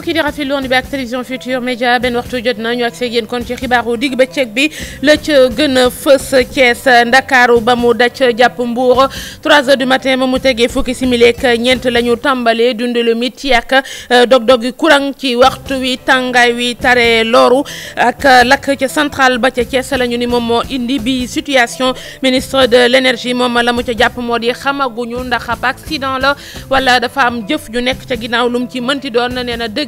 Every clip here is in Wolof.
mbokki di rafetlu woon bi ak télévision Futur Média benn waxtu jot na ñu ak seeg kon ci xibaaru digg bëccëg bi la ca gën a fës Thiès Ndakaaru ba mu daj jàpp Mbour 3 heures du matin ba mu tegee fukki simileek ñeent la ñu tàmbalee dundalu mit ci ak euh, dog-dog yi kurang ci waxtu wi tàngaay wi tare loru ak euh, lakk ca centrale ba ca Thiès lañu ni moom moo indi bi situation ministre de l' moom la mu ca jàpp moo di xamaguñu ndax ab accident la wala nekk ca ginnaaw lu ci mënti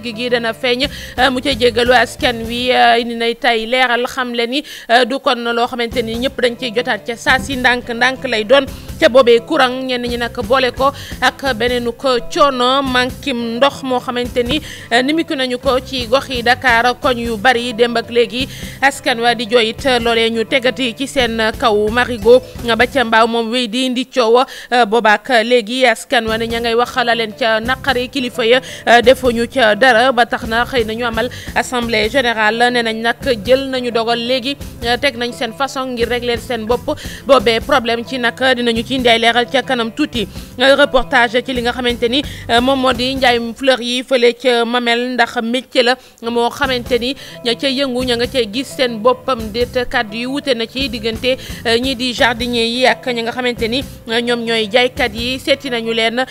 dëgg gi dana feeñ euh, mu ca jéggalu askan wi euh, indi nay tay leeral xam le ni euh, du kon loo xamante ni ñëpp dañ ciy jotaat ca saa si ndànk-ndànk lay doon ca boobee courant ñenn ñi nag boole ko ak beneenu ko coono mankim ndox moo xamante ni nimiku nañu ko ci gox yi Dakar koñ yu bari démb ak léegi askan wa di jooyit loolee ñu tegati ci seen kaw marigo ba ca mbaaw moom wéy di indi coow boobaak léegi askan wa ne ña ngay waxala leen ca naqari kilifa ya defuñu ca dara dara ba tax na xëy na ñu amal assemblée générale nee nañ nag jël nañu dogal léegi teg nañ seen façon ngir régler seen bopp boobee problème ci nag dinañu ci indi ay leeral ca kanam tuuti reportage ci li nga xamante ni moom moo di njaayum fleur yi fële ca Mamel ndax métier la moo xamante ni ña ca yëngu ña nga cay gis seen boppam déet kàddu yi wute na ci diggante ñii di jardinier yi ak ñi nga xamante ni ñoom ñooy jaaykat yi seeti nañu leen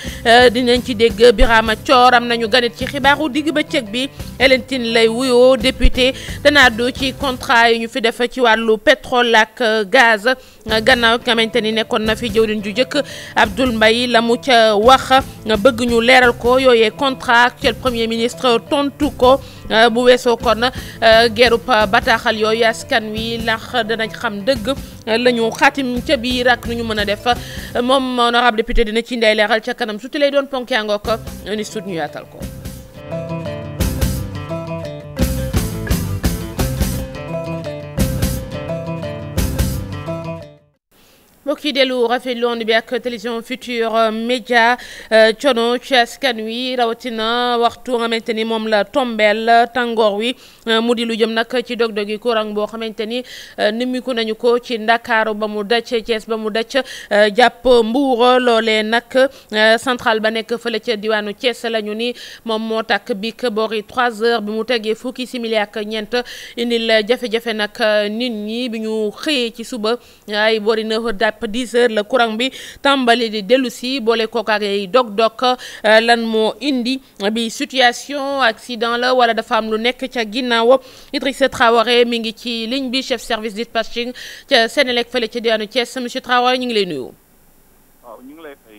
dinañ ci dégg Birama Thior am nañu ganit ci xibaaru digg bëccëg bi Hélène Tine lay wuyoo député dana àddu ci contrat yi ñu fi def ci wàllu pétrole ak euh, gaz gannaaw nga xamante ni nekkoon na fi jëwriñ ju jëkk Abdoul Mbaye la mu ca wax bëgg ñu leeral ko yooyee contrat actuel premier ministre tontu ko euh, bu weesoo kon euh, geeru bataaxal yooyu askan wi ndax danañ xam dëgg la ñu xaatim ca biir ak nu ñu mën a def moom honorable député dina ci ndey leeral ca kanam su ti lay doon ponk yaa ko ni sut ñu yaatal ko mbokk yi dellu rafetlu woon bi ak télévision Futurs Médias euh, coono ci askan wi rawatina waxtu nga xamante ni moom la tombeel tàngoor wi euh, mu di lu jëm nag ci dog-dog yi courant boo xamante ni euh, nimiku nañu ko ci ndakaaru ba mu daj Thiès ba mu dacc jàpp Mbour loolee nag centrale ba nekk fële ca diwaanu Thiès la ñu ni moom moo takk bik boori 3 heures bi mu tegee fukki simili ak ñeent indil jafe-jafe nag nit ñi bi ñu xëyee ci suba ay boori 9 jàpp 10 la courant bi tàmbali di dellu si boole kooku ak ay dog-dog euh, lan moo indi bi situation accident la wala dafa am lu nekk ca ginnaaw Idrissa mi ngi ci ligne bi chef service dispatching ca Sénélec fële ca diwaanu Thiès monsieur Traoré ñu ngi lay nuyu. ñu ngi lay fay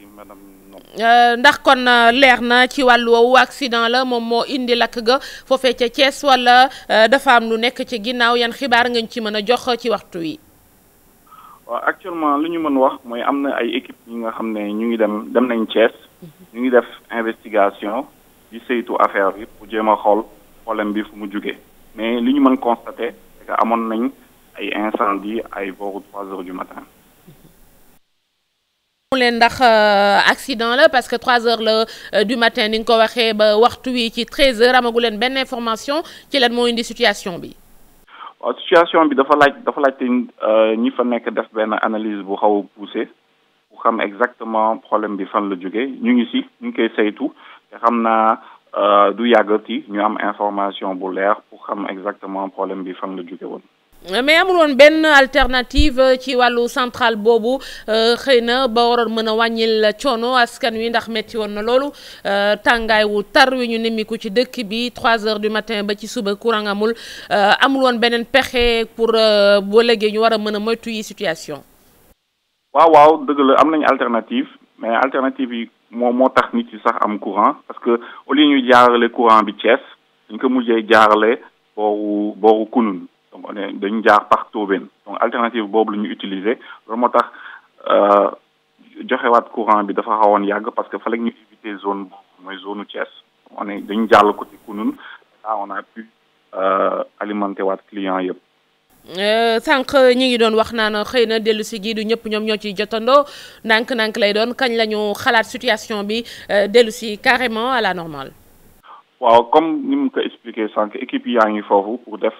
euh, ndax kon euh, leer na ci wàll woowu accident la moom moo indi lakk ga foofee ca Thiès wala dafa am lu nekk ci ginnaaw yan xibaar nga ci mën a jox ci waxtu wi. waaw actuellement lu ñu mën wax mooy am na ay équipe yi nga xam ne ñu ngi dem dem nañ Thiès mm-hmm. ñu ngi def investigation di saytu affaire bi pour jéem a xool problème bi fu mu jugee mais lu ñu mën constater c'est que amoon nañ ay incendie ay booru trois heures du matin mm-hmm. mu leen ndax euh, accident la parce que trois heures la euh, du matin ni nga ko waxee ba waxtu wi ci treize heures amagu leen benn information ci leen moo indi situation bi waaw situation bi dafa laaj dafa laajte euh, ñi fa nekk def benn analyse bu xaw a poussé bu xam exactement problème bi fan la jóge ñu ngi si ñu ngi koy saytu te xam naa euh, du yàggati ñu am information bu leer pour xam exactement problème bi fan la jóge woon mais amul woon benn alternative ci wàllu centrale boobu euh, xëy na ba waroon mën a wàññil coono askan wi ndax metti woon na loolu euh, tàngaay wu tar wi ñu nemmiku ci dëkk bi trois heures du matin ba ci suba courant amul euh, amul woon beneen pexe pour boo léegi ñu war a mën a moytu yi situation. waaw waaw dëgg la am nañu alternative mais alternative yi moom moo tax nit yi sax am courant parce que au lieu ñuy jaarale courant bi Thiès dañ ko mujjee jaarale booru booru kunun donc dañu jaar par Tobène donc alternative boobu la ñu utiliser loolu moo tax euh, joxewaat courant bi dafa xawoon yàgg parce que fa la ñu éviter zone boobu mooy zone Thiès on dañu jàll côté Kounoune ça on a pu euh, alimenter waat client yëpp. Euh, sànq ñi ngi doon wax naan xëy na dellu si gii du ñëpp ñoom ñoo ciy jotandoo ndànk-ndànk lay doon kañ la ñu xalaat situation bi dellu si carrément à la normale. waaw comme ni mu ko expliquer sànq équipe yaa ngi foofu pour def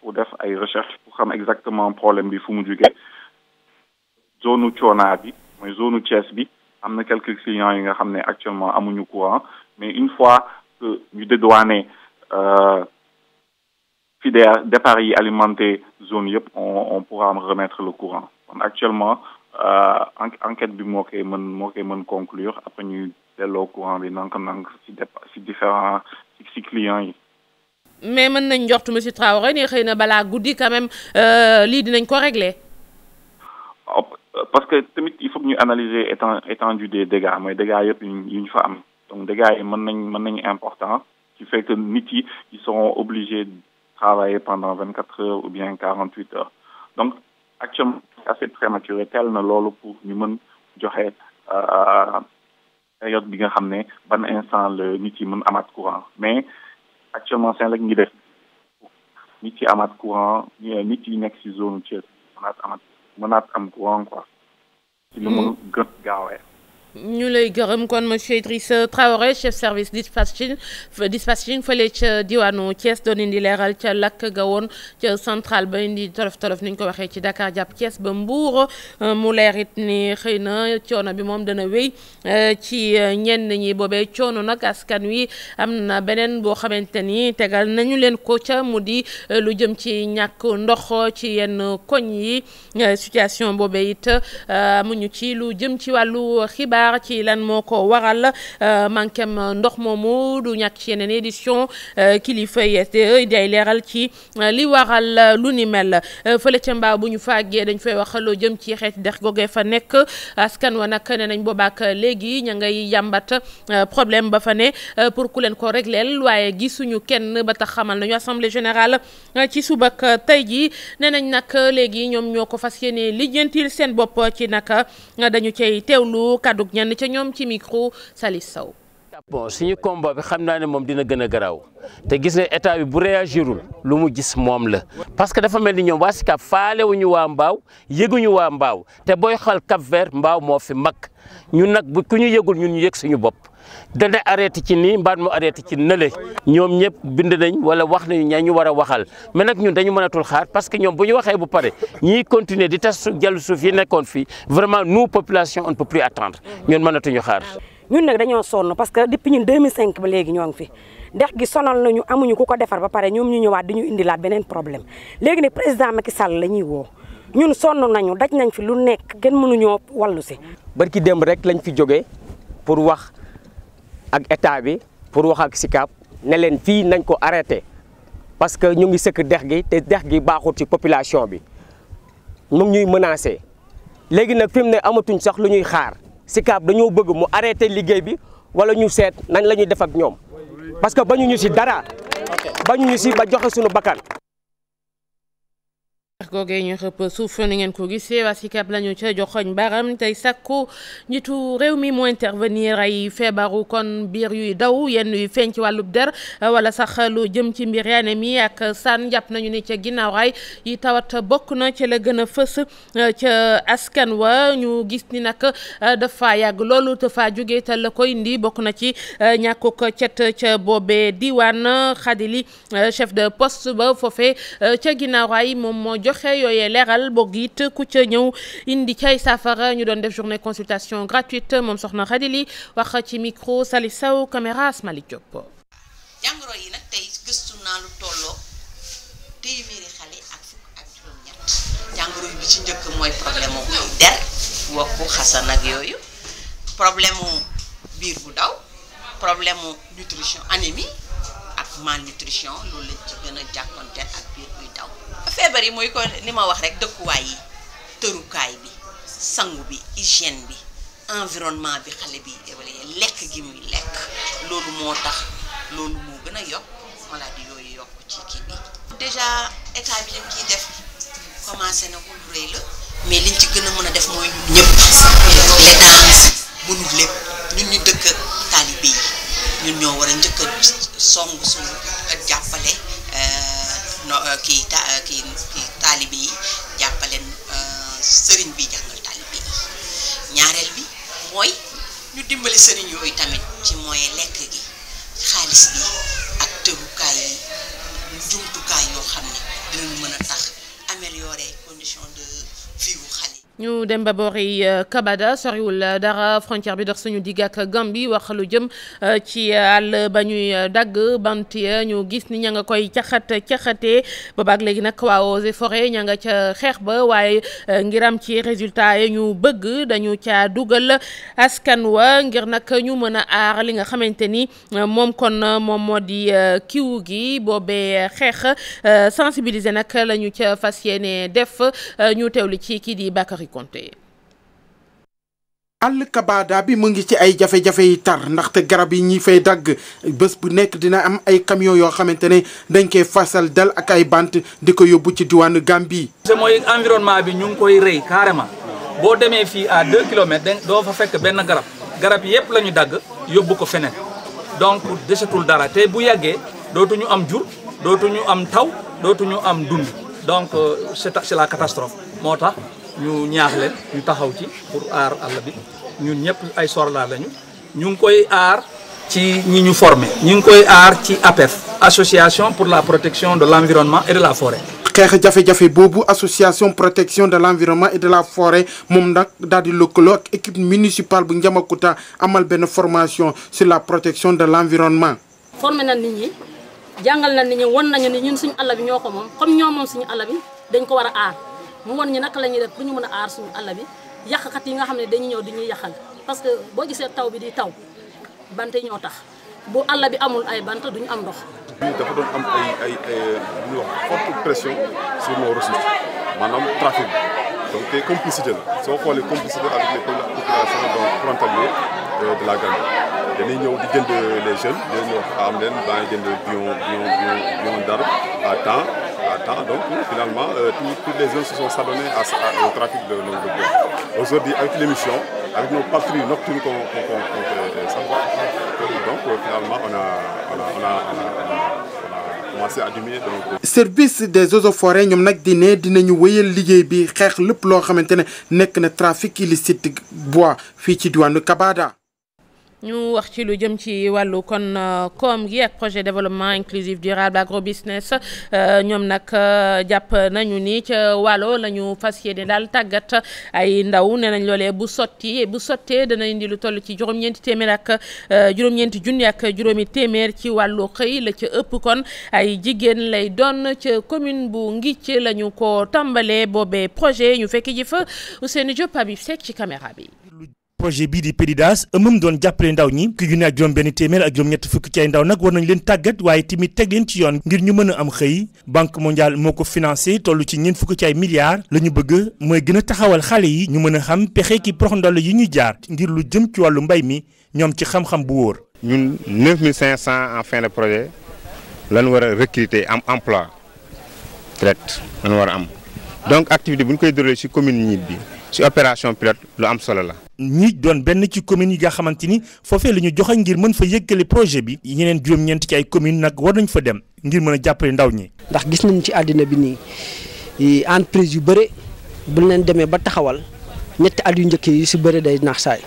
pour def ay recherche pour xam exactement problème bi fu mu jugee zone Thiona bi mooy zone Thiès bi am na quelques clients yi nga xam ne actuellement amuñu courant mais une fois que ñu dédouané euh, fidèles départ yi alimenté zone yëpp on on pourra remettre le courant kon actuellement euh, enquête bi moo koy mën moo koy mën conclure après ñuy delloo courant bi nank-nank si dép si différents si clients yi. mais mën nañ njortu monsieur Traoré ne xëy na balaa guddi quand même euh, lii dinañ ko régler. Oh, parce que tamit il faut que ñu analyser éten étendue des dégâts mooy dégâts yëpp yu ñu fa am donc dégâts yi mën nañ mën nañu important qui fait que nit yi ils seront obligés de travailler pendant vingt quatre heures ou bien quarante huit heures donc actuellement c'est assez prématuré teel na loolu pour ñu mën joxe. Euh, période bi nga xam ne ban instant la nit yi mën amaat courant mais actuellement seen rek ngi def nit yi amaat courant nit yi nekk si zone Thiès mënaat amaat mënaat am courant quoi. ci lu mu hmm. gën gaawee. ñu lay gërëm kon monsieur Idrissa euh, Traoré chef service dispatching euh, dispatching fële ca diwaanu Thiès doon indi leeral ca lakk ga woon ca centrale ba indi tolof tolof ni ko waxee ci Dakar jàpp Thiès ba Mbour euh, mu leer it ni xëy na coono bi moom dana wéy ci ñenn ñi boobee coono nag askan wi am na beneen boo xamante ni tegal nañu leen ko ca mu di lu jëm ci ñàkk ndox ci yenn koñ yi situation boobee it amuñu ci lu jëm ci wàllu xibaar. xibaar ci lan moo ko waral euh, manquem ndox moomu du ñàkk ci yeneen édition euh, kilifa SDE day leeral ci euh, li waral lu ni mel fële ca mbaa bu ñu fàggee dañ fay wax loo jëm ci xeet dex googee fa nekk askan wa nag ne nañ boobaak léegi ña ngay yàmbat problème ba fa ne pour ku leen ko régleel waaye gisuñu kenn ba tax xamal nañu assemblée générale ci subak tey jii ne nañ nag léegi ñoom ñoo ko fas yéene lijjantil seen bopp ci nag dañu cay teewlu kàddu ñenn ca ñoom ci micro Salif saw bon suñu combat bi xam naa ne moom dina gën a garaaw te gis ne état bi bu réagirul lu mu gis moom la parce que dafa mel ni ñoom waa Sicap faalewuñu waa Mbaaw yëguñu waa Mbaaw te booy xal Cap Vert Mbaaw moo fi mag ñun nag bu ku ñu yëgul ñun ñu yëg suñu bopp dana arrêté ci ni mbaat mu arrêté ci nële ñoom ñëpp bind nañ wala wax nañu ñaa ñu war a waxal mais nag ñun dañu mënatul xaar parce que ñoom bu ñu waxee bu pare ñiy continuer di tas su jàll suuf nekkoon fii vraiment nous population on ne peut mënatuñu xaar ñun nag dañoo sonn parce que depuis ñun 2005 ba léegi ñoo ngi fi dex gi sonal nañu amuñu ku ko defar ba pare ñoom ñu ñëwaat di ñu indilaat beneen problème léegi nag président Macky Sall la ñuy woo ñun sonn nañu daj nañ fi lu nekk kenn mënuñoo wallu si. barki démb rek lañ fi jógee pour wax ak état bi pour wax ak SICAP ne leen fii nañ ko arrêté parce que ñu ngi sëkk dex gi te dex gi baaxul ci population bi mu ñuy menacé léegi nag fi mu ne amatuñ sax lu ñuy xaar. SICAP dañoo bëgg mu arrêté liggéey bi wala ñu seet nañ la ñuy def ak ñoom parce que ñu si dara ba bañuñu si ba joxe suñu bakkan xeex googee ñu xëpp suuf ni ngeen ko gisee waa SICAP la ca joxoñ baram tey sàkku njiitu réew mi mu intervenir ay feebaru kon biir yuy daw yenn yu feeñ ci wàllub der wala sax lu jëm ci mbir yaane mi ak sànn jàpp nañu ne ca ginnaaw raay yi tawat bokk na ci la gën a fës euh, ca askan wa ñu gis ni nag euh, dafa yàgg loolu te faa jógee te la ko indi bokk na ci euh, ñàkkuk cet ca boobe diwaan xadili chef de poste ba foofe ca ginnaaw raay moom moo jox joxe yooyee leeral boog it ku ca ñëw indi cay saafara ñu doon def journée consultation gratuite moom soxna Khady Ly wax ci micro Salif Sow caméra Malick Diop. jàngoro yi nag tey gëstu naa lu tolloo téeméeri xale ak fukk ak juróom-ñett jàngoro yi bi ci njëkk mooy problème mu der wokku xasan ak yooyu problème biir bu daw problème mu nutrition anémie. malnutrition loolu lañ ci gën a jàkkonteel ak biir buy daw feebar yi mooy ko li ma wax rek dëkkuwaay yi tërukaay bi sangu bi hygiène bi environnement bi xale bi évalué lekk gi muy lekk loolu moo tax loolu moo gën a yokk maladie yooyu yokk ci kii bi déjà état bi lim ciy def commencé na ko lu rëy la mais liñ ci gën a mën a def mooy ñun ñëpp l'état mënul lépp ñun ñu dëkk yi ñun ñoo war a njëkk a song suñu jàppale euh, no euh, kii ta euh, kii kii taalibe yi jàppaleen sëriñ bi jàngal taalibe yi ñaareel bi mooy ñu dimbali sëriñ yooyu tamit ci mooy lekk gi xaalis bi ak tërukaay yi jumtukaay yoo xam ne dinañ mën a tax améliorer condition de vie xale ñu dem ba boori euh, Kabada soriwul euh, dara frontière bi dox suñu digg ak Gambie wax lu jëm euh, ci àll ba ñuy dagg bant ya ñu gis ni ña nga koy caxat caxate boobaag léegi nag waa Eaux nga ca xeex ba waaye ngir am ci résultat yi ñu bëgg dañu caa dugal askan wa ngir nag ñu mën a aar li nga xamante ni moom kon moom moo di kiw gi boobee xeex sensibiliser nag lañu ca fas yéene def ñu teewlu ci kii di Bakary Henri Conté. àll kabaada bi mu ngi ci ay jafe-jafe yi tar ndaxte garab yi ñi fay dagg bés bu nekk dina am ay camion yoo xamante ne dañ koy fasal dal ak ay bant di ko yóbbu ci diwaanu Gambie. mooy environnement bi ñu ngi koy rey carrément boo demee fii à deux kilomètres doo fa fekk benn garab garab yëpp la ñu dagg yóbbu ko feneen donc desetul dara te bu yàggee dootuñu am jur dootuñu am taw dootuñu am dund donc euh, c'est la catastrophe moo tax. ñu ñaax leen ñu taxaw ci pour aar àll bi ñun ñëpp ay sorla lañu ñu ngi koy aar ci ñi ñu formé ñu ngi koy aar ci APEF association pour la protection de l'environnement et de la forêt xeex jafe-jafe boobu association protection de l'environnement et de la forêt moom nag daal di lëkkaloo ak équipe municipale bu Ndiamakuta amal benn formation sur la protection de l'environnement formé na nit ñi jàngal na nit ñi won nañu ni ñun suñu àll bi ñoo ko moom mu won ñi naka la ñuy def pour ñu mën a aar suñu àll bi yàqkat yi nga xam ne dañuy ñëw di ñuy yàqal parce que boo gisee taw bi di taw bante ñoo tax bu àll bi amul ay bant du ñu am ndox. dafa doon am ay ay lu ñuy wax forte pression sur nos ressources maanaam trafic bi donc tey complicité la soo xoolee complicité avec les populations donc frontalières euh, de la Gambie dañuy ñëw di jënd les jeunes dañuy ñëw am leen daañu jënd bion bion bion bion temps. à temps. Donc finalement, euh, tous, tous les jeunes se sont s'adonnés au trafic de longue de Aujourd'hui, avec l'émission, avec nos patrouilles nocturnes qu'on qu qu qu a, on a, service des eaux et ñoom nag di ne dinañu wéyal liggéey bi xeex lépp loo xamante ne nekk na trafic illicite bois fii ci diwaanu Kabada. ñu wax ci lu jëm ci wàllu kon euh, koom gi ak projet développement inclusif durable agro business euh, ñoom nag euh, jàpp nañu ni ca walo la ñu fas yéene daal tàggat ay ndaw nee nañ loolee bu sotti bu sottee dana indi lu toll ci juróom-ñeenti téeméer ak juróom-ñeenti junni ak juróomi téeméer ci wàllu xëy la ci ëpp kon ay jigéen lay doon ca commune bu Ngicc la ñu ko tàmbalee boobee projet ñu fekk ji fa Ousseynou Diop Habib Seck ci caméra bi. projet bii di PDIDAS ëmmam doon jàppale ndaw ñi ki junne ak juróom benn téeméer ak juróom ñett fukki ci ndaw nag war nañ leen tàggat waaye tamit teg leen ci yoon ngir ñu mën a am xëy banque mondiale moo ko financé tollu ci ñeent fukki ci ay milliards la ñu bëgg mooy gën a taxawal xale yi ñu mën a xam pexe ki prox ndol yi ñuy jaar ngir lu jëm ci wàllu mbay mi ñoom ci xam-xam bu wóor ñun 9500 en fin de projet lan war a recruter am emploi direct lan war a am donc activité bu koy déroulé ci commune ñiit bi ci opération pilote lu am solo la ñi doon benn ci commune yi nga xamante ni foofee la ñu joxe ngir mën fa yëkkale projet bi yeneen juróom-ñeent ci ay commune nag war nañ fa dem ngir mën a jàppale ndaw ñi. ndax gis nañ ci àddina bi nii entreprise yu bëre buñ leen demee ba taxawal ñetti at yu njëkk yi si bëre day naax saay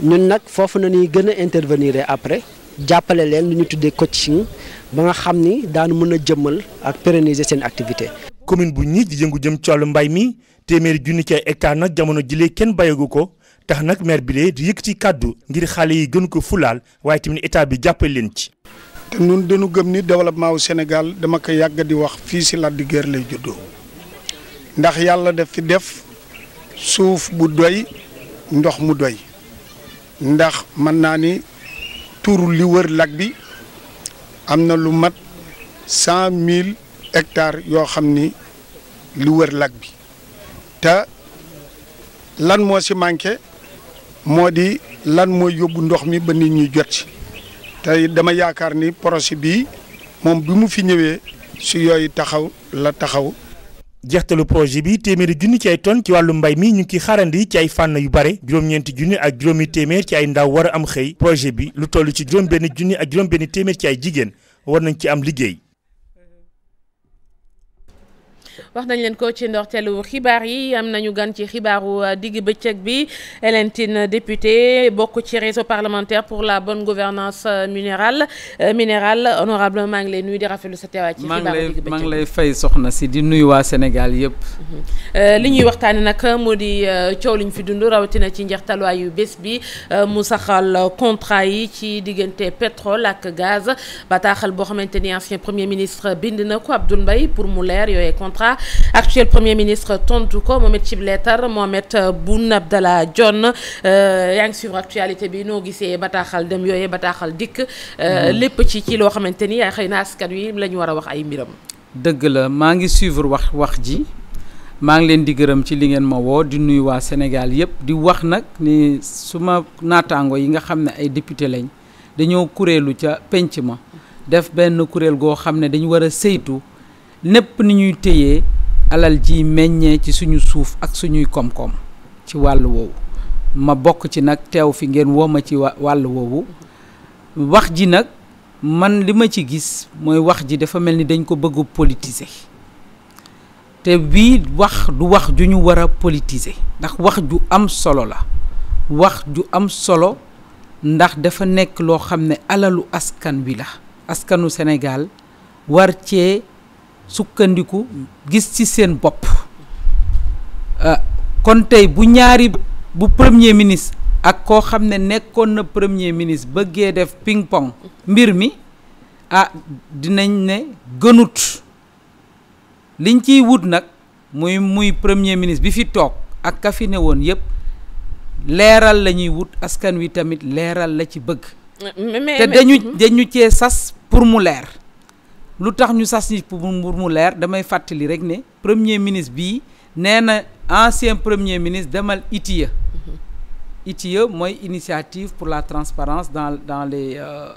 nag foofu na ñuy gën a intervenir après jàppale leen lu ñu tuddee coaching ba nga xam ni daan mën a jëmmal ak pérenniser seen activité. commune bu ñi di jëngu jëm ci wàllu mbay mi téeméeri junni ci ay hectare nag jamono jëlee kenn bayagu ko tax nag maire bi lee di yëkkati kàddu ngir xale yi gën ko fulaal waaye tamit état bi jàppale leen ci. te ñun dañu gëm ni développement wu Sénégal dama ko yàgg di wax fii si Lac de Guiers lay juddoo ndax yàlla daf fi def suuf bu doy ndox mu doy ndax mën naa ni tur li wër lag bi am na lu mat cent mille hectares yoo xam ni lu wër lac bi te lan moo si manqué moo di lan mooy yóbbu ndox mi ba nit ñi jot ci dama yaakaar ni projet bii moom bi mu fi ñëwee si yooyu taxaw la taxaw. jeextalu projet bi téeméeri junni ci ay tonnes ci wàllu mbay mi ñu ngi ciy ci ay fànn yu bare juróom-ñeenti junni ak juróomi téeméer ci ay ndaw war am xëy bi lu toll ci juróom-benn junni ak juróom-benn téeméer ci ay jigéen war nañ ci am liggéey. wax nañ leen ko ci ndorteelu xibaar yi am nañu gan ci xibaaru euh, digg bëccëg bi Hélène Tine député bokk ci réseau parlementaire pour la bonne gouvernance euh, minérale euh, minérale honorable maa ngi lay nuyu di rafetlu sa teewaay. ci xibaaru digg bëccëg maa ngi lay fay soxna si di nuyu waa Sénégal yëpp. Mhm. li ñuy waxtaanee nag moo di coow liñ fi dund rawatina ci njeextaluwaayu bés bi mu saxal contrat yi ci diggante pétrole ak gaz bataaxal boo xamante ni ancien premier ministre bind na ko Abdoul Mbaye contrat actuel premier ministre tontu ko moom it cib leetar moom it Boun Abdallah Dionne euh, yaa ngi suivre actualité bi noo gisee bataaxal dem yooyee bataaxal dikk. Euh, hmm. lépp ci ci loo xamante ni xëy na askan wi la ñu war a wax ay mbiram. dëgg la maa ngi suivre wax wax ji. maa ngi leen di gërëm ci li ngeen ma woo di nuyu waa Sénégal yëpp di wax nag ni suma naataango yi nga xam ne ay député lañ dañoo kuréelu ca penc ma def benn kuréel goo xam ne dañu war a saytu népp ni ñuy téyee alal ji meññee ci suñu suuf ak suñuy koom-koom ci wàll woowu ma bokk ci nag teew fi ngeen woo ma ci wàll woowu wax ji nag man li ma ci gis mooy wax ji dafa mel ni dañ ko bëgg politiser te bii wax du wax ju ñu war a politiser ndax wax ju am solo la wax ju am solo ndax dafa nekk loo xam ne alalu askan wi la askanu Sénégal war cee sukkandiku gis ci seen bopp euh, kon tey bu ñaari bu premier ministre ak koo xam ne nekkoon na premier ministre bëggee def ping pong mbir mi ah dinañ ne gënut liñ ciy wut nag muy muy premier ministre bi fi toog ak ka fi woon yëpp leeral la ñuy wut askan wi tamit leeral la ci bëgg te dañu mhm. dañu cee sas pour mu leer lu tax ñu sas ñi pour mu leer damay fàttali rek ne premier ministre bii nee na ancien premier ministre demal ITIE ITIE mooy initiative pour la transparence dans dans les euh,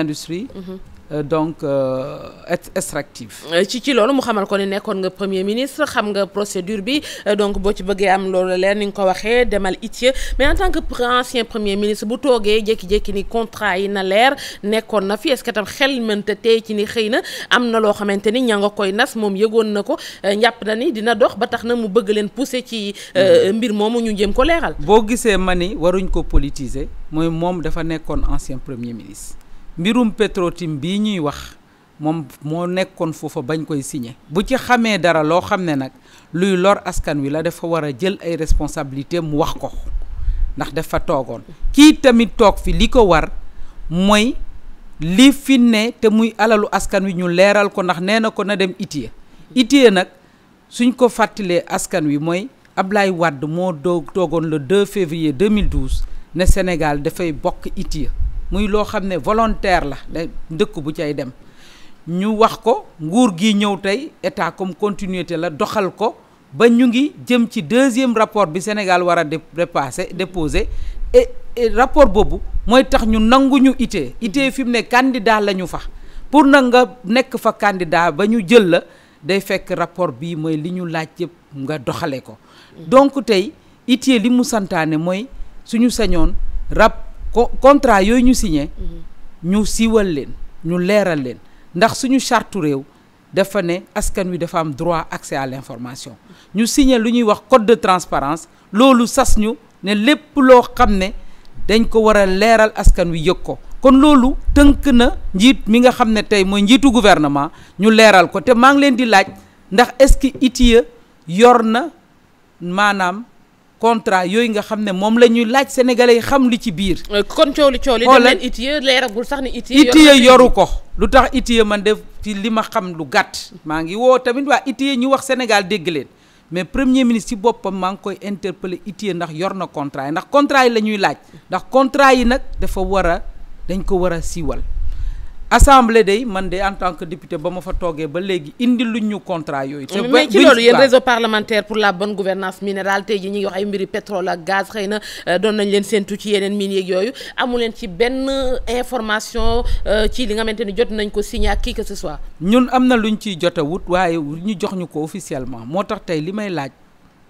industries mm-hmm. Euh, donc euh, extractive. Euh, ci ci loolu mu xamal ko ne nekkoon nga premier ministre xam nga procédure bi donc boo ci bëggee am loolu leer ni nga ko waxee demal itie mais en tant que ancien premier ministre bu toogee jékki-jékki ni contrat yi na leer nekkoon na fi est-ce tam xel mënta tey ci ni xëy na am na loo xamante ni ña nga koy nas moom yëgoon na ko njàpp na ni dina dox ba tax na mu bëgg leen pousser ci mm. mbir moomu ñu jëm ko leeral. boo gisee ma ni waruñ ko politiser mooy moom dafa nekkoon ancien premier ministre. mbirum Petro-Tim bii ñuy wax moom moo nekkoon foofa bañ koy signé bu ci xamee dara loo xam ne nag luy lor askan wi la dafa war a jël ay responsabilité mu wax ko ndax dafa toogoon kii tamit toog fi li ko war mooy li fin ne te muy alalu askan wi ñu leeral ko ndax nee na ko na dem ITIE ITIE nag suñ ko fàttalee askan wi mooy Ablaye wadd moo doog toogoon le 2 février 2012 ne Sénégal dafay bokk ITIE muy loo xam ne volontaire la da bu cay dem ñu wax ko nguur gi ñëw tey état comme continuité la doxal ko ba ñu ngi jëm ci deuxième rapport bi Sénégal war a dépassé déposé et rapport boobu mooy tax ñu nangu ñu itee itee fi mu ne candidat la ñu fa pour na nga nekk fa candidat ba ñu jël la day fekk rapport bii mooy li ñu laaj yëpp nga doxale ko mm. donc tey itee li mu santaane mooy suñu sañoon rap ko contrat yooyu ñu signé mhm. ñu siiwal leen ñu leeral leen ndax suñu charte réew dafa ne askan wi dafa am droit accès à l'information ñu signé lu ñuy wax code de transparence loolu sas ñu ne lépp loo xam ne dañ ko war leeral askan wi yëg ko kon loolu tënk na njiit mi nga xam ne tey mooy njiitu gouvernement ñu leeral ko te maa ngi leen di laaj ndax est-ce que ITIE yor na maanaam contrat yooyu nga xam ne moom la ñuy laaj sénégalais xam li ci biir. Euh, kon coow li coow li dem leen leeragul sax ni it ITIE yoru ko lu tax ITIE man def ci li ma xam lu gàtt. maa ngi woo tamit waa ITIE ñu wax Sénégal dégg leen mais premier ministre ci boppam maa ngi koy interpeller ITIE ndax yor na contrat yi ndax contrat yi la ñuy laaj ndax contrat yi nag dafa war a dañ ko war a siiwal. assemblée dey man de en tant que député ba ma fa toogee ba léegi indi lu ñu contrat yooyu. te mais ci loolu yéen réseau parlementaire pour la bonne gouvernance minérale tey jii ñu ngi wax ay mbiri pétrole ak gaz xëy na euh, doon nañ leen séntu ci yeneen mines yeeg yooyu amu leen ci benn euh, information euh, ci li nga xamante ni jot nañ ko signé ak kii que ce soit. ñun am na lu ñu ciy jot a wut waaye ñu jox ñu ko officiellement moo tax tey li may laaj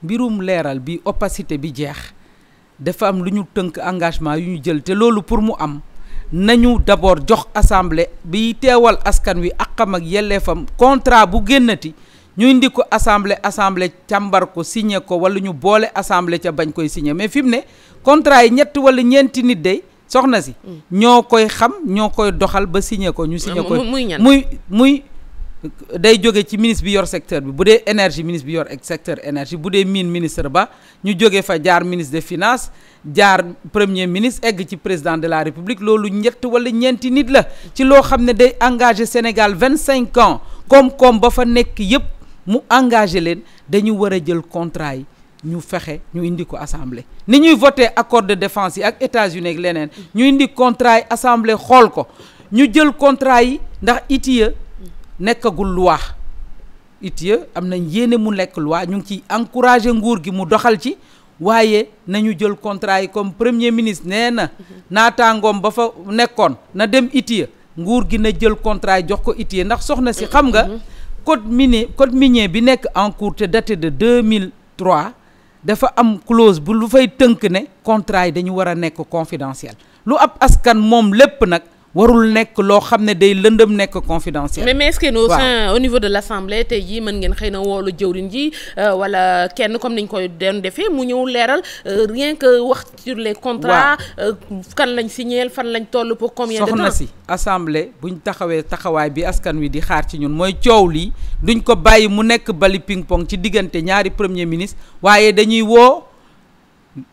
mbirum leeral bi opacité bi jeex dafa am lu ñu tënk engagement yu ñu jël te loolu pour mu am. nañu d'abord jox assemblée bi teewal askan wi àqam ak yelleefam contrat bu génnati ñu indi ko assemblée assemblée càmbar ko signé ko wala ñu boole assemblée ca bañ koy signé mais fi mu ne contrat yi ñett wala ñeenti nit day soxna si. Mm. ñoo koy xam ñoo koy doxal ba signé ko. ñu signé ko muy muy day jóge ci ministre bi yor secteur bi bu dee énergie ministre bi yor secteur énergie bu dee mine ministre ba ñu jóge fa jaar ministre de finance jaar premier ministre egg ci président de la république loolu ñett wala ñeenti nit la ci loo xam ne day engagé Sénégal vingt cinq ans koom-koom ba fa nekk yépp mu engagé leen dañu war a jël contrat yi ñu fexe ñu indi ko assemblée ni ñuy voté accord de défense yi ak États-Unis ak leneen ñu indi contrat yi xool ko ñu jël contrat yi ndax ITIE nekkagul loi ITIE am nañ yéene mu lekk loi ñu ngi ciy encouragé nguur gi mu doxal ci waaye nañu jël contrat yi comme premier ministre nee na naataangoom ba fa nekkoon na dem ITIE nguur gi na jël contrat yi jox ko ITIE ndax soxna si xam nga code minier code minier bi nekk en cours te daté de 2003 dafa am clause bu lu fay tënk ne contrat yi dañu war a nekk confidentiel lu ab askan moom lépp nag warul nekk loo xam ne day lëndam nekk confidence mais mais est-ce que au sein au niveau de l'assemblée tey jii mën ngeen xëy na woolu jëwriñ ji euh, wala kenn comme niñ koy doon defee mu ñëw leeral euh, rien que wax sur les contrats. Euh, kan lañ si signé fan lañ toll pour combien de temps soxna si assemblée buñ taxawee taxawaay bi askan wi di xaar ci ñun mooy coow lii duñ ko bàyyi mu nekk bali ping pong ci diggante ñaari premier ministre waaye dañuy woo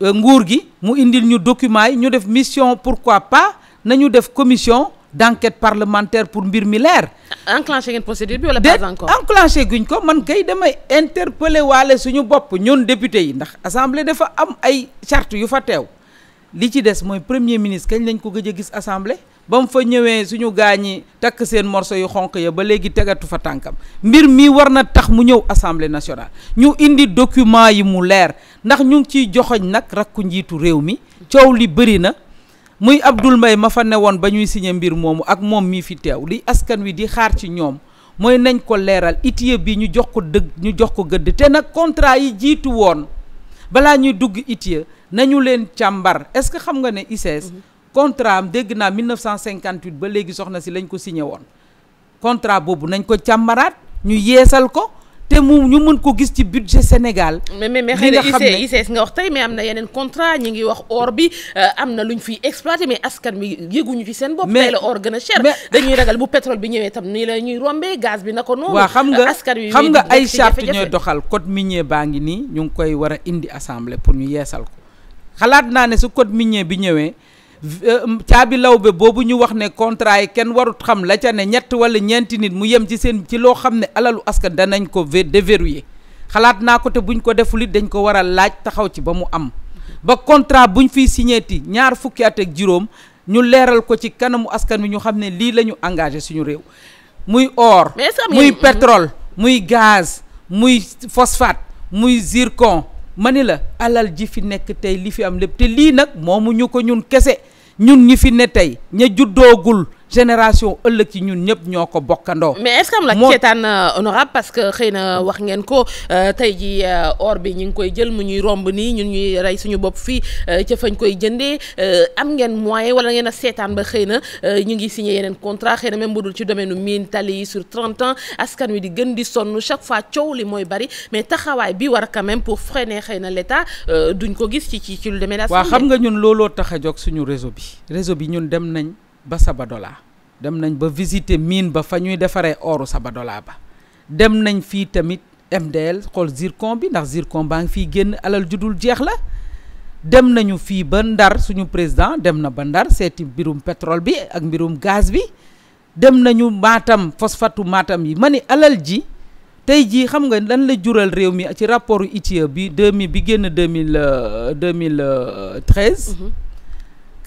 nguur gi mu indil ñu documents yi ñu def mission pourquoi pas. nañu def commission d'enquête parlementaire pour mbir mi leer. enclenché ngeen procédure bi wala pas encore enclenché guñ ko man kay damay interpeller waale suñu bopp ñun député yi ndax assemblée dafa am ay charte yu fa teew li ci des mooy premier ministre kañ lañ ko gëj a gis assemblée ba mu fa ñëwee suñu gaañi takk seen morceau yu xonq ya ba léegi tegatu fa tànkam mbir mi war na tax mu ñëw assemble nationale ñu indi document yi mu leer ndax ñu ngi ciy joxoñ nag rakku njiitu réew mi coow li bëri na. muy abdul mbay ma fa newoon ba ñuy signé mbir moomu ak moom mii fi teew li askan wi di xaar ci ñoom mooy nañ ko leeral ITIE bi ñu jox ko dëgg ñu jox ko gëdd te nag contrat yi jiitu woon balaa ñuy dugg ITIE nañu leen càmbar est-ce que xam nga ne ICS mhm. contrat am dégg naa 1958 ba léegi soxna si lañ ko signé woon contrat boobu nañ ko càmbaraat ñu yeesal ko te mu ñu mën ko gis ci budget Sénégal. mais mais xëy na ICS nga wax tey mais am na yeneen contrat ñi ngi wax or bi euh, am na lu ñu fiy exploité mais askan wi yëguñu ci seen bopp. tey la or gën a cher. dañuy ragal bu pétrole bi ñëwee tam nii la ñuy rombee gaz bi na ko noonu. waaw xam nga euh, xam nga ay charte ñooy doxal code minier baa ngi nii ñu ngi koy war a indi assemblée pour ñu yeesal ko xalaat naa ne su code minier bi ñëwee. Euh, caabi lawbe boobu ñu wax ne contrat yi kenn warut xam la ca ne ñett wala ñeenti nit mu yem ci seen ci loo xam ne alalu askan danañ ko déverrouiller xalaat naa ko te buñ ko defulit dañ ko waral laaj taxaw ci ba mu am ba contrat buñ fiy signéeti ñaar fukki at ak juróom ñu leeral ko ci kanamu askan wi ñu xam ne lii la ñu engagé suñu réew muy or muy mm-hmm. pétrole muy gaz muy phosphate muy zircon ma ni la alal ji fi nekk tey li fi am lépp te lii nag moomu ñu ko ñun kese ñun ñi fi ne tey ña juddoogul génération ëllëg ci ñun ñëpp ñoo ko bokkandoo. mais est-ce que am la ceetaan euh, honorable parce que xëy na wax ngeen ko euh, tey ji euh, or bi ñu ngi koy jël mu ñuy romb nii ñun ñuy rey suñu bopp fii ca fañ koy jëndee am ngeen moyen wala ngeen a seetaan ba xëy na ñu ngi signé yeneen contrat xëy na même bu dul ci domaine mine tali yi sur 30 askan wi di gën di sonn chaque fois coow li mooy bari mais taxawaay bi war quand même pour freiner xëy na l'État duñ ko gis ci ci ci lu demee. xam nga ñun looloo tax a jóg suñu réseau bi réseau bi ñun dem nañ. ba Sabadola dem nañ ba visiter miine ba fa ñuy defaree oru Sabadola ba dem nañ fii tamit MDL xol zircon bi ndax zircon baa ngi fiy génn alal dul jeex la dem nañu fii ba Ndar suñu président dem na ba Ndar seeti mbirum pétrole bi ak mbirum gaz bi dem nañu Matam phosphatu maatam yi ma ni alal ji tey jii xam nga lan la jural réew mi ci rapport ITIE bi 2000 bi génn 2000 2013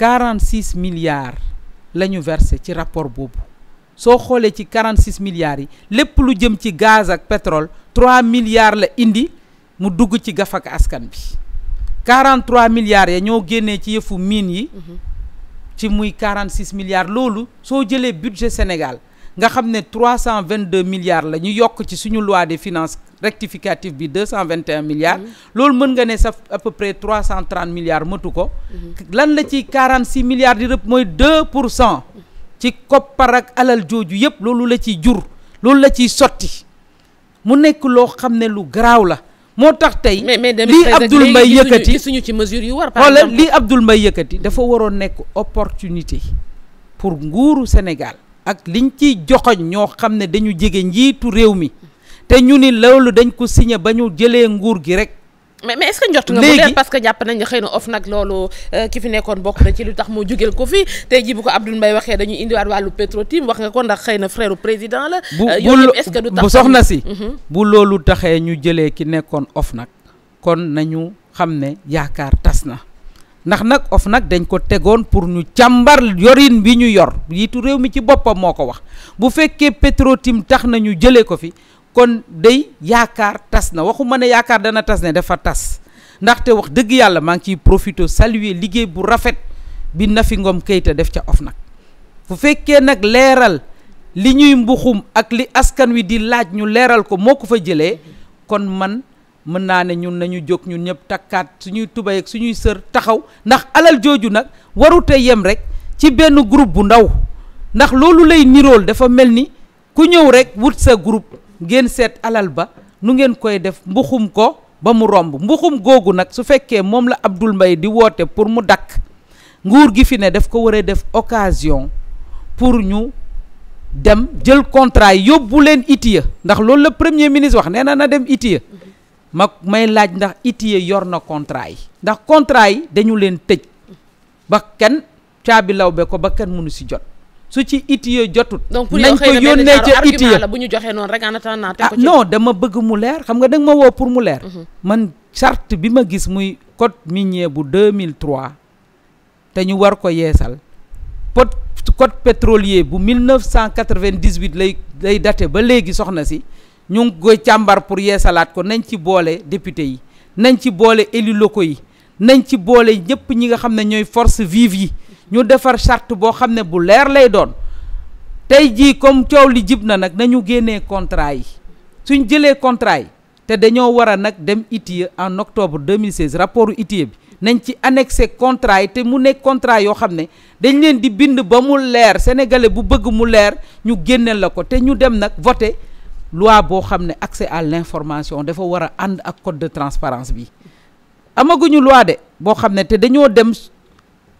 46 milliards la ñu versé ci rapport boobu soo xoolee ci 46 milliards yi lépp lu jëm ci gaz ak pétrole 3 milliards la indi mu dugg ci gafak askan bi 43 milliards ya ñoo génnee ci yëfu mine yi mhm. ci muy 46 milliards loolu soo jëlee budget Sénégal nga xam ne 322 milliards la ñu yokk ci suñu loi de finance rectificatif bi deux cent vingt et milliards mm-hmm. loolu mën nga ne sa à peu cent trente milliards matu ko mm-hmm. lan la ci quarante six milliards di mooy deux pour cent ci koppar ak alal jooju yëpp loolu la ciy jur loolu la ciy sotti mu nekk loo xam ne lu garaaw la moo tax tey lii Abdoul Mbaye yëkkati suñu ci mesure yu war wala lii Abdoul Mbaye yëkkati dafa waroon nekk opportunité pour nguuru Sénégal ak liñ ciy joxoñ ñoo xam ne dañu jege njiitu réew mi te ñu ni loolu dañ ko signé ba ñu jëlee nguur gi rek. mais mais est-ce nga mu leer parce que jàpp nañ ne xëy na of nag loolu euh, ki fi nekkoon bokk na ci lu tax moo jógeel ko fi tey jii bu ko Abdoul Mbaye waxee dañuy indiwaat wàllu Petro-Tim wax nga ko ndax xëy na frère président la. Euh, yow est-ce que du tax mm-hmm. bu loolu taxee ñu jëlee ki nekkoon of nag kon ñu xam ne yaakaar tas na ndax nag of nag dañ ko tegoon pour ñu càmbar yorin bi ñu yor yiitu réew mi ci boppam moo ko wax bu fekkee Petro-Tim tax na ñu jëlee ko fi. kon day yaakaar tas na waxu ma ne yaakaar dana tas ne dafa tas ndaxte wax dëgg yàlla maa ngi ciy profité saluer liggéey bu rafet bi Nafi Ngom Keïta def ca nag bu fekkee nag leeral li ñuy mbuxum ak li askan wi di laaj ñu leeral ko moo ko fa jëlee kon man mën naa ne ñun nañu jóg ñun ñëpp takkaat suñuy tubéy ak suñuy sër taxaw ndax alal jooju nag warute yem rek ci benn groupe bu ndaw ndax loolu lay nirool dafa mel ni ku ñëw rek wut sa groupe ngeen seet alal ba nu ngeen koy def mbuxum ko ba mu romb mbuxum googu nag su fekkee moom la Abdoul mbay di woote pour mu dakk nguur gi fi ne daf ko war def occasion pour ñu dem jël contrat yóbbu leen ITIE ndax loolu la premier ministre wax nee na na dem ITIE ma may laaj ndax ITIE yor na contrat yi ndax contrat yi dañu leen tëj ba kenn caabi law be ko ba kenn mënu si jot su ci itiye jotut. nañ ko yónnee ca itiye donc bu ñu joxee noonu rek en attendant ah, dama bëgg mu leer xam nga da ma woo pour mu leer. Mhm. man charte bi ma gis muy code minier bu 2003 te ñu war ko yeesal pot code pétrolier bu mille 1998 lay lay daté ba léegi soxna si ñu ngi koy càmbar pour yeesalaat ko nañ ci boole député yi nañ ci boole élus locaux yi nañ ci boole ñëpp ñi nga xam ne ñooy force vive yi. ñu defar charte boo xam ne bu leer lay doon tey jii comme coow li jib na nag nañu génnee contrat yi suñ jëlee contrat yi te dañoo war a nag dem ITIE en octobre 2016 rapport ITIE bi nañ ci annexé contrat yi te mu nekk contrat yoo xam ne dañ leen di bind ba mu leer sénégalais bu bëgg mu leer ñu génneel la ko te ñu dem nag voté loi boo xam ne accès à l'information dafa war a ànd ak code de transparence bi amaguñu loi de boo xam ne te dañoo dem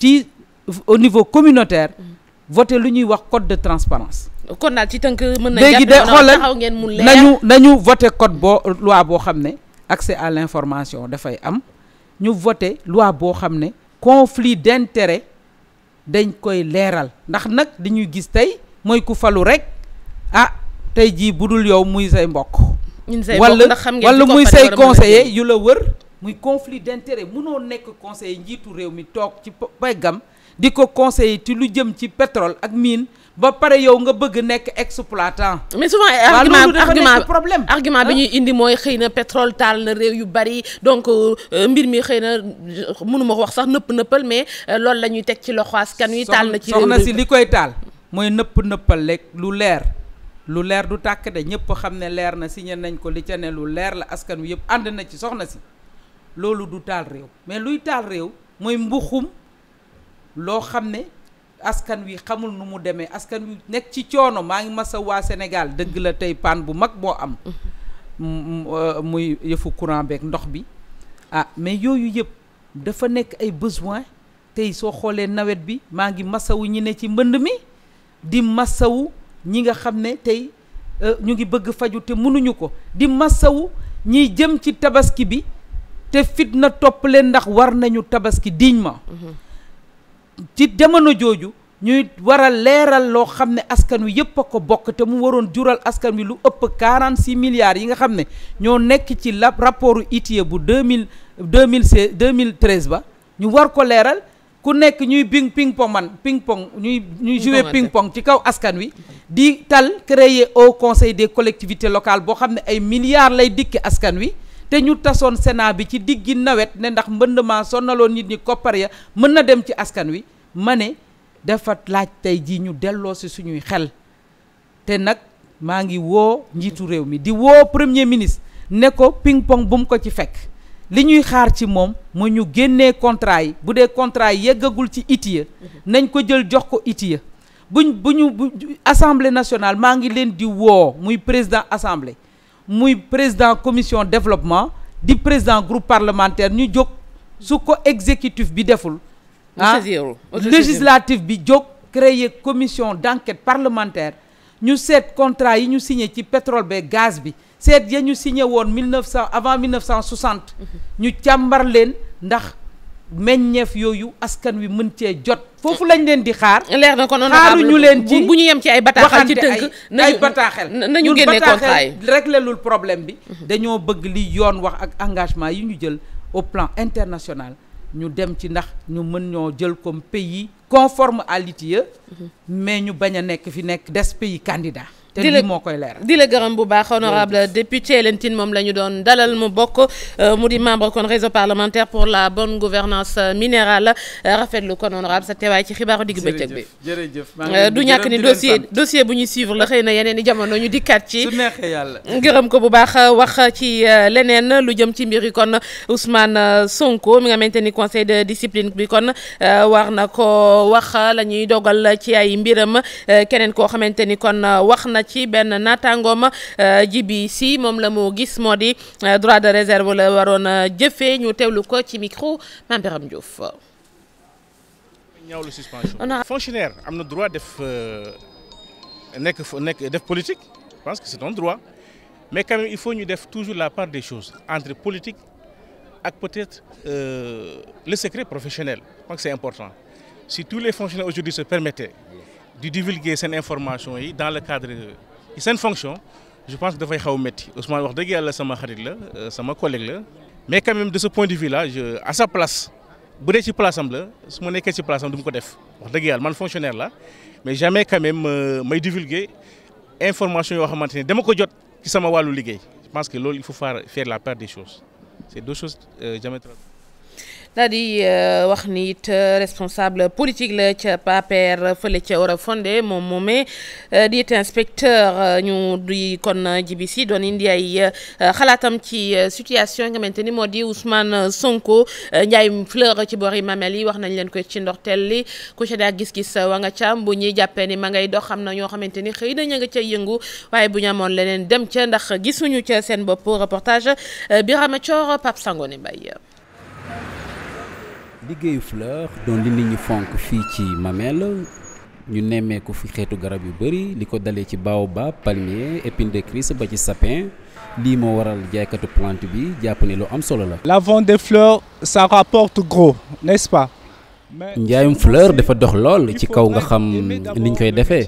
ci au niveau communautaire mm. voté lu ñuy wax code de transparence kon daal ci tënk mën na léegi de xoolal nañu nañu voté code boo loi boo xam ne accès à l'information dafay am ñu voté loi boo xam ne conflit d'intérêt dañ koy leeral ndax nag di gis tey mooy ku falu rek ah tey jii bu dul yow muy say mbokk wala wala muy say conseiller yu la wër muy conflit d'intérêt mënoo nekk conseiller njiitu réew mi toog ci peggam di ko conseiller ci lu jëm ci pétrole ak mine ba pare yow nga bëgg nekk exploitant. mais souvent argument argument problème argument bi ah? ñuy indi mooy xëy na pétrole taal na réew yu bari donc euh, euh, mbir mi xëy na euh, mënuma wax sax nëpp nëppal mais loolu la ñuy teg ci loxo askan wi. taal na ci réew soxna si li koy taal mooy nëpp nëppal lekk lu leer. lu leer du tàkk de ñëpp xam ne leer na si signé nañ ko li ca ne lu leer la askan wi yëpp ànd na ci soxna si loolu du taal réew mais luy loo xam ne askan wi xamul nu mu demee askan wi nekk ci coono maa ngi masa waa Sénégal dëgg la tey paan bu mag moo am mhm. mm, mm, euh, muy yëfu courant beeg ndox bi ah mais yooyu yëpp dafa nekk ay besoin tey soo xoolee nawet bi maa ngi masawu ñi ne ci mbënd mi di masawu ñi nga xam ne tey euh, ñu ngi bëgg faju te mënuñu ko di masawu ñiy jëm ci tabaski bi te fitna topp leen ndax war nañu tabaski diiñ ma mhm. ci jamono jooju ñuy waral leeral loo xam ne askan wi yëpp a ko bokk te mu waroon jural askan wi lu ëpp 46 milliards yi nga xam ne ñoo nekk ci la rapportu ITIE bu 2000 2016 2013 ba ñu war ko leeral ku nekk ñuy bing ping pong man ping pong ñuy ñuy jouer ping pong ci kaw askan wi di tal créer au conseil des collectivité locale boo xam ne ay milliards lay dikki askan wi te ñu tasoon senaa bi ci diggi nawet ne ndax mbënd maa sonnaloon nit ñi koppar ya mën na dem ci askan wi ma ne dafa laaj tey jii ñu delloo si suñuy xel te nag maa ngi woo njiitu réew mi di woo premier ministre ne ko ping pong bu mu ko ci fekk li ñuy xaar ci moom mu ñu génnee contrat yi bu dee contrat yi yeggagul ci ITIE nañ ko jël jox ko ITIE buñ bu ñu assemblée nationale maa ngi leen di woo muy président assemblée muy président commission développement di président groupe parlementaire ñu jóg su ko exécutif bi deful ah législatif bi jóg créer commission d'enquête parlementaire ñu seet contrat yi ñu signé ci pétrole be gaz bi seet ya ñu signé woon mille neuf cent avant mille neuf cent mhm. ñu càmbar leen ndax meññeef yooyu askan wi mën cee jot foofu lañ leen di xaar leer na kon xaaruñu leen ci bu ñu yem ci ay bataaxal ci na ay bataaxal nañu génne contrat yi réglé lul problème bi dañoo bëgg li yoon wax ak engagement yi ñu jël au plan international ñu dem ci ndax ñu mën ñoo jël comme pays conforme à l'ITIE mhm. mais ñu bañ a nekk fi nekk des pays candidat te di la gërëm bu baax honorable député Hélène Tine moom la ñu doon dalal mu bokk euh, mu di membre kon réseau parlementaire pour la bonne gouvernance euh, minérale euh, rafetlu kon honorable sa teewaay ci xibaaru digg bëccëg bi jërëjëf du ñàkk ni dossier dossier bu ñu suivre la xëy na yeneen i jamono ñu dikkaat ci su neexee yàlla gërëm ko bu baax wax ci leneen lu jëm ci mbir yi kon Ousmane Sonko mi nga xamante ni conseil de discipline bi kon war na ko wax la ñuy dogal ci ay mbiram keneen koo xamante ni kon na ci benn naataangoom euh, jibi si moom la moo gis moo di euh, droit de réserve la waroon euh, jëfee ñu teewlu ko ci micro Mame Birame Diouf. ñaawlu suspension. fonctionnaire am na droit def nekk nekk def politique je pense que c'est un droit mais quand même il faut ñu def toujours la part des choses entre politique ak peut-être euh, le secret professionnel je que c'est important si tous les fonctionnaires aujourd'hui se permettaient di divulguer seen information yi dans le cadre ci seen fonction je pense que dafay xaw métti Ousmane wax dëgg yàlla sama xarit la euh, sama collègue la mais quand même de ce point de vue là je à sa place bu dee ci place am la su ma nekkee ci place am du mu ko def wax dëgg yàlla man fonctionnaire la mais jamais quand même euh, may divulguer information yoo xamante ne dama ko jot ci sama wàllu liggéey je pense que loolu il faut faire faire la part des choses c'est deux euh, daa di euh, wax ni it euh, responsable politique la ca PAPR fële ca war a fondé moom moomee euh, di it inspecteur ñu di kon jibi si doon indi ay xalaatam ci situation nga xamante ni moo di Ousmane Sonko njaay fleur ci boor yi mamel yi wax nañ leen ko ci ndorteel li ku ca daa gis-gis wa nga caam bu ñuy jàppee ni ma ngay dox xam na ñoo xamante ni xëy na nga ca yëngu waaye bu ñu amoon leneen dem ca ndax gisuñu ca seen bopp reportage Birama Thior Pape Sangone Mbaye liggéeyu fleur doon li nit ñi fonk fii ci Mamelles ñu nemmeeku fi xeetu garab yu bëri li ko dalee ci baobab palmier épine de Christ ba ci sapin lii moo waral jaaykatu plante bi jàpp ne lu am solo la. l'avant des fleurs ça rapporte gros n'est-ce pas. njaayum fleur dafa dox lool ci kaw nga xam ni ñu koy defee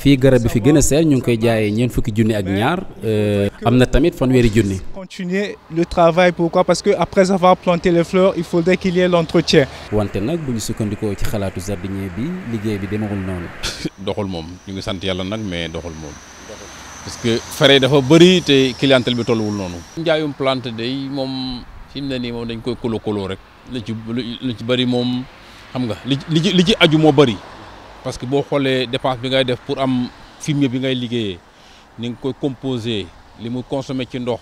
fii garab bi fi gën a seer ñu ngi koy jaayee ñeent fukki junni ak ñaar euh, am na tamit fanweeri junni. continuer le travail pourquoi parce que après avoir planté les fleurs il faudrait qu'il y wante nag bu ñu sukkandikoo ci xalaatu jardinier bi liggéey bi demewul noonu. doxul moom ñu ngi sant yàlla nag mais doxul moom. parce que frais dafa bëri te clientèle bi tolluwul noonu. njaayum plante day moom fi mu ne nii moom dañ koy kolo kolo rek lu ci ci bëri moom. xam nga li li ci li ci aju moo bëri parce que boo xoolee dépense bi ngay def pour am fumier bi ngay liggéeyee ni nga koy composé li mu consommé ci ndox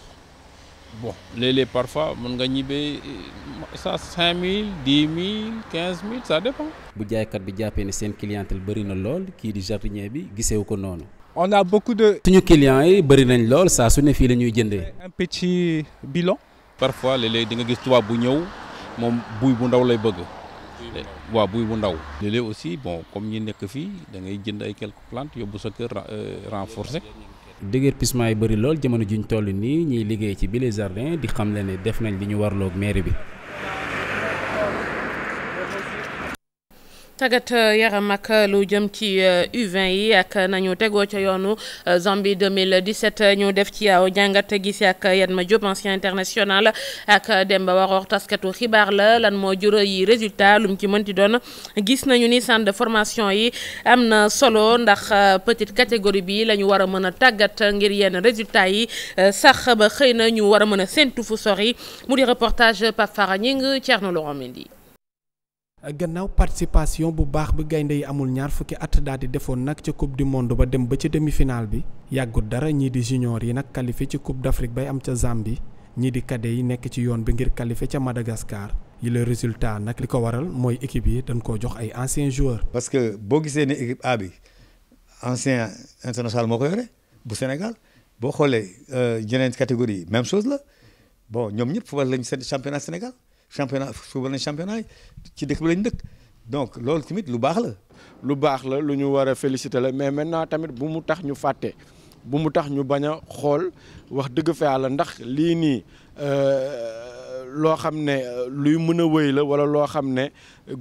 bo léeg-léeg parfois mun nga ñibbee euh, sa cinq mille dix mille quinze mille ça dépend. bu jaaykat bi jàppee ne seen clientèle bëri na lool kii di jardinier bi gisewu ko noonu. on a beaucoup de. suñu clients yi bëri nañ lool saa su ne fii la ñuy jëndee. un petit bilan. parfois léeg-léeg di nga gis tubaab bu ñëw moom buy bu ndaw lay bëgg. Eh, waaw buy bu ndaw léeg-léeg aussi bon comme ñi nekk fii dangay jënd ay quelques plantes yóbbu sa kër euh, renforcé déguerpissement yi bëri lool jamono juñ toll nii ñuy liggéey ci bile jardin di xam ne ne def nañ li ñu warloog mairie bi tàggat euh, yaram ak euh, lu jëm ci U20 euh, yi ak nañu tegoo ca yoonu deux mille Zambie 2017 ñu def ci yaw jàngat gis ak Yatma Diop ancien international ak dem Demba Waroox taskatu xibaar la lan moo jur yi résultat lu mu ci mënti doon gis nañu ni sand formation yi am na solo ndax petite catégorie bi la ñu war a mën a tàggat ngir yenn résultat yi sax ba xëy na ñu war a mën a séntu fu sori mu di reportage Pape Fara Gningue Thierno Laurent Mendy ak gannaaw participation bu baax bi gaynde yi amul ñaar fukki at daal di defoon nag ca coupe du monde ba dem ba ca demi-finale bi yàggut dara ñii di junior yi nag qualifié ci coupe d'Afrique bay am ca Zambie ñii di cadet yi nekk ci yoon bi ngir qualifié ca Madagascar yi le résultat nag li ko waral mooy équipe yi dañ koo jox ay anciens joueurs. parce que boo gisee ne équipe A bi ancien international moo ko yore bu Sénégal boo xoolee euh, yeneen catégorie même chose la bon ñoom ñëpp fubal lañ seen championnat Sénégal. championnat football nañ championnat ci dëkk bi lañ dëkk donc loolu tamit lu baax la. lu baax la lu ñu war a féliciter la mais maintenant tamit bu mu tax ñu fàtte bu mu tax ñu bañ a xool wax dëgg fa yàlla ndax lii nii. Euh, loo xam ne luy mën a wéy la walla loo xam ne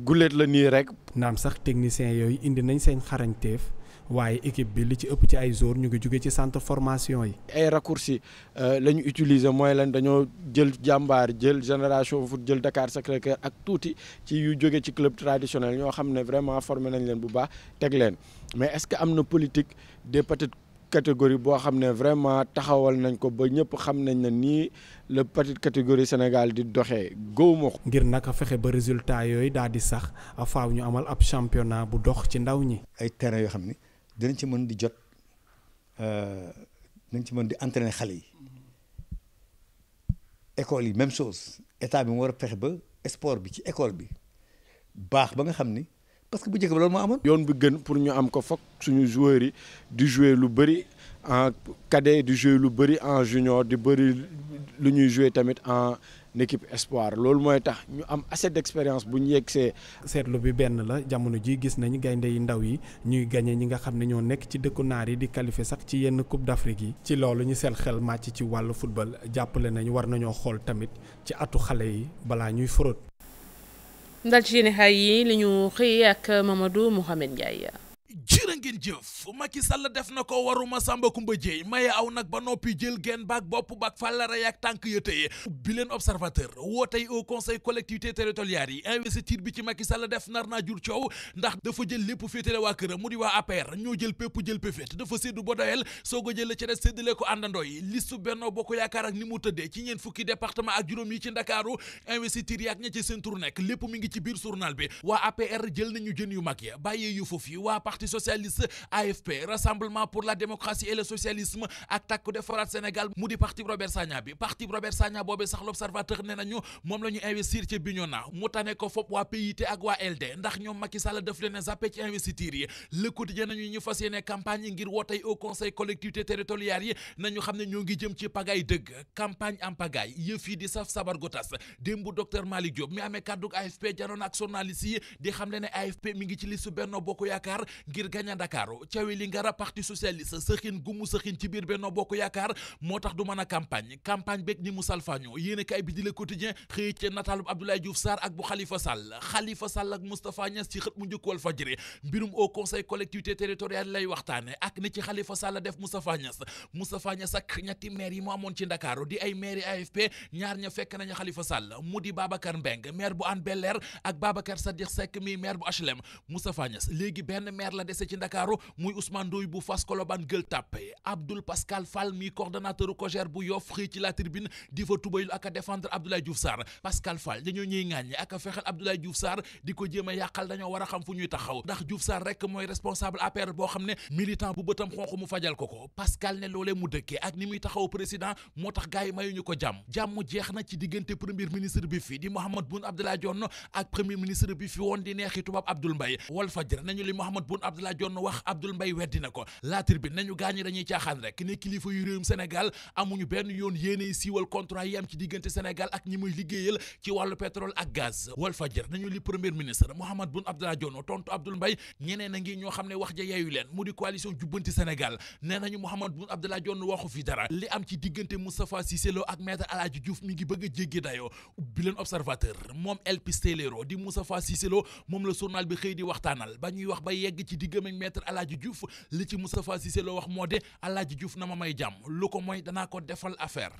guléet la nii rekk. naam sax technicien yooyu indi nañ seen xarañteef. waaye équipe bi li ci ëpp ci ay joueurs ñu ngi jóge ci sant formation yi. ay raccourcis euh, la ñu utiliser mooy lan dañoo jël jàmbaar jël génération foot jël Dakar Sacré-Cœur ak tuuti ci yu jóge ci club traditionnel ñoo xam ne vraiment formé nañ leen bu baax teg leen mais est-ce que am na politique des petites catégorie boo xam ne vraiment taxawal nañ ko ba ñëpp xam nañ ne nii la petite catégorie Sénégal di doxe góob ngir naka fexe ba résultat yooyu daal di sax faaw ñu amal ab bu dox ci ndaw ñi. ay terrain yoo xam ni dinañ ci mën di jot euh, dinañ ci mën di entraîner xale yi école yi même chose état bi mu war a pexe ba sport bi ci école bi baax ba nga xam ni parce que bu njëkk ba loolu moo amoon. yoon bu gën pour ñu am ko foog suñu joueurs yi di jouer lu bëri en cadet di jouer lu bëri en junior di bëri lu ñuy jouer tamit en. équipe espoir loolu mooy tax ñu am assez d'expérience bu ñu yegsee seetlu bi benn la jamono ji gis nañu gaynde yi ndaw yi ñuy gañe ñi nga xam ne ñoo nekk ci dëkku naar yi di qualifier sax ci yenn coupe d'Afrique yi ci loolu ñu seen xel màcc ci wàllu football jàppale nañu war nañoo xool tamit ci atu xale yi balaa ñuy fraude. ndal ci yéen xay yi li ñu xëyee ak Mamadou Mouhamed Ndiaye jërë ngeen jëf Macky Sall def na ko waruma sàmba kumba jéey maye aw nag ba noppi jël genn baak bopp baak fàllara yaak tànk ya tëye bi leen observateur wootey au conseil collectivité territoriales yi investiture bi ci Macky Sall def nar naa jur coow ndax dafa jël lépp féetale waa këram mu di waa APR ñoo jël pépp jël péfét dafa séddu ba doyal soog a jël la ci des séddale ko àndandoo yi listu Benno Bokk Yaakaar ak ni mu tëddee ci ñeen fukki département ak juróom yi ci Ndakaaru investiture yaak ña ci seen tur nekk lépp mi ngi ci biir journal bi waa APR jël nañu jën yu mag ya bàyyee parti socialiste AFP rassemblement pour la démocratie et le socialisme ak takku defaraat Sénégal mu di parti Robert Sagna bi parti Robert Sagna boobee sax l'observateur ne nañu moom la ñu investir ci Bignona mu tane ko fop waa PIT ak waa LD ndax ñoom Macky Sall daf leen zappé ci investiture yi le quotidien nañu ñu fas yéene campagne yi ngir wootey au conseil collectivité territoriales yi ñu xam ne ñoo ngi jëm ci pagaay dëgg campagne en pagaay yëf yi di saf sabar gu tas démb docteur Malick Diop mi amee kàddug AFP janoon ak journaliste yi di xam le ne mi ngi ci listu Benno Bokk Yaakaar ngir gaña Ndakaaru cawe li ngara parti socialiste sëxin gu sëxin ci biir Benno Bokk Yaakaar moo tax du mën a campagne campagne ni mu salfaañoo yéene kay bi di Le Quotidien xëy ca nataalub Abdoulaye Diouf ak bu Khalifa Sall Khalifa Sall ak Moustapha Niass ci xët mu njëkk Walf Fadjri mbirum au conseil collectivité territoriale lay waxtaane ak ni ci Khalifa Sall def Moustapha Niass Moustapha Niass ak ñetti maire yi mu amoon ci Ndakaaru di ay maire AFP ñaar ña fekk nañu Khalifa Sall mu di Babacar Mbeng maire bu Hann Bel-Air ak Babacar Sadikh Seck mi maire la dese ci ndakaaru muy Ousmane Ndoye bu Fass Colobane mi coordonnateur COJER bu Yoff xëy la tribune di fa tubaylu ak a défendre Abdoulaye Diouf Sarr Pascal dañoo ñuy ŋàññe ak a fexel Abdoulaye Diouf Sarr di ko jéem a yàqal dañoo war xam fu ñuy taxaw ndax Diouf Sarr rek mooy responsable APR boo xam ne militant bu bëtam xonq fajal ko ko Pascal ne loolee mu dëkkee ak ni muy taxaw président moo tax gars mayuñu ko jàmm jàmm jeex na ci diggante premier ministre Abdoulaye Dione wax Abdoul Mbaye weddi na ko La Tribune nañu gaañi dañuy caaxaan rek ne kilifa yu réewum Sénégal amuñu benn yoon yéene siiwal contrat yi am ci diggante Sénégal ak ñi muy liggéeyal ci wàllu pétrole ak gaz Walf nañu li premier ministre Mahammed Boun Abdallah Dionne tontu Abdoul Mbaye ñeneen a ngi ñoo xam ne wax ja yeeyu leen mu di coalition jubbanti Sénégal nee nañu Mahammed Boun Abdallah Dionne waxu fi dara li am ci diggante Moustapha Cissé Lo ak maître Alaaji mi ngi bëgg a jéggi dayoo di Moustapha Cissé Lo moom la journal bi xëy di waxtaanal ba ñuy wax ba yegg ci diggam ak maître Alaaji Diouf li ci Moustapha Cissé Lo wax moo de Alaaji Diouf na ma may jàmm lu ko mooy danaa ko defal affaire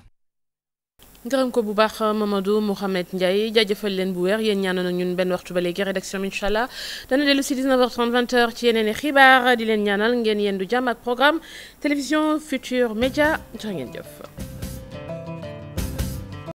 ngërëm ko bu baax Mamadou Mouhamed Ndiaye jaajëfal leen bu weer yéen ñaanal ñun benn waxtu ba léegi rédaction bi incha allah dana dellu si 19h30 ci yeneen i xibaar di leen ñaanal ngeen yendu jàmm ak programme télévision Futur Média jërë ngeen jëf.